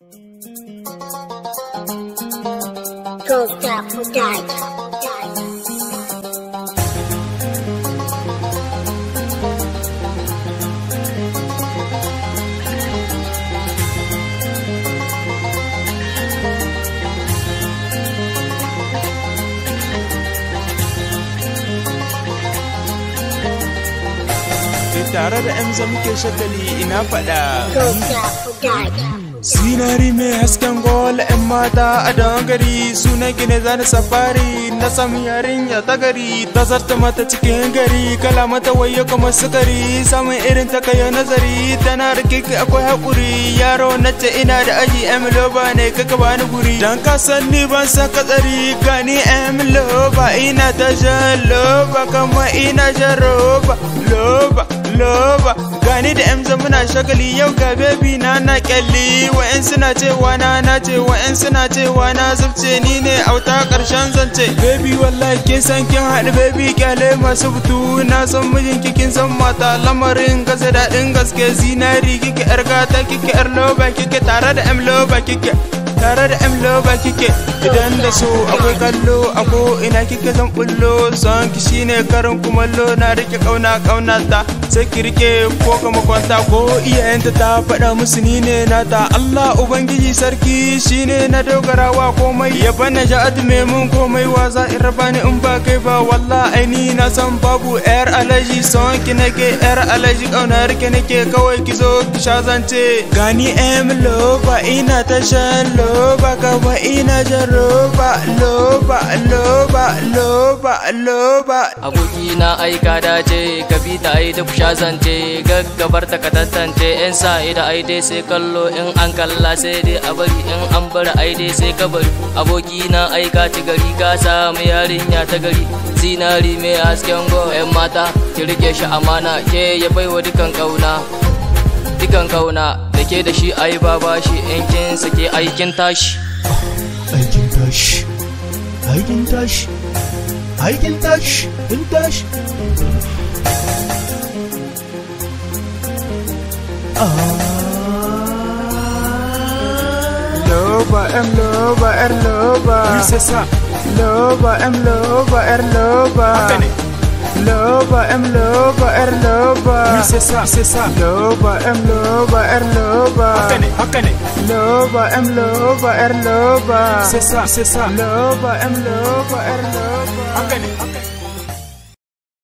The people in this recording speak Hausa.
Go Club for Guys. tare da 'yan zamuke shagali ina faɗa. Sinari mai hasken gol 'yan mata a dangari sunan gine zane safari na samun yarinya ta gari ta mata cikin gari kala mata waye kuma sukari samun irin ta kayo nazari tana rikiki akwai haƙuri yaro na ce ina da aji Loba ne kaka ni guri dan ka san ni ban san katsari gani ba ina ta shan loba kama ina shan roba loba loba gani da emza muna shagali yau ga baby na na kyalli wa'yan suna cewa na na ce wa'yan suna cewa na zubce ni ne auta karshen zance baby wallahi kin san kin haɗu baby kyale masu butu na san mijin kin san mata lamarin gaza daɗin gaske zinari kike yar gata kike yar loba kike tare da em loba kike tare da m loba kike idan da su. akwai kallo a ko ina kike zan bullo son ki shine karin kumallo na rike kauna kauna ta sai ki rike ko kama kwanta ko iyayenta ta faɗa musu ni ne nata Allah ubangiji sarki shine na dogara wa komai ya bana ja me mun komai wa za in raba ni in ba kai ba walla aini na san babu yar alaji son ki nake yar alaji kauna rike nake kawai ki zo ki sha zance gani loba ina ta shan roba kawai ina jan roba loba loba loba loba agogi na aika dace ka bi ta ai da kusha zance gaggabar ta katantance tantance in sa ida ai dai sai kallo in an kalla sai dai a bari in an bar ai dai sai ka bari aboki na ka ci gari ka samu yarinya ta gari zinari mai hasken go yan mata ki rike shi amana ke ya baiwa dukan kauna dukan kauna da ke da shi ai baba shi in kin sake aikin tashi aikin tashi aikin tashi aikin tashi in tashi Loba, em loba, er loba. Loba, em loba, er loba. Loba, em loba, er loba. Oui, c'est ça, c'est ça. Loba, em loba, er loba. Hakane, hakane. I'm loba, er loba. C'est ça, c'est ça. I'm loba, er loba. Hakane, hakane.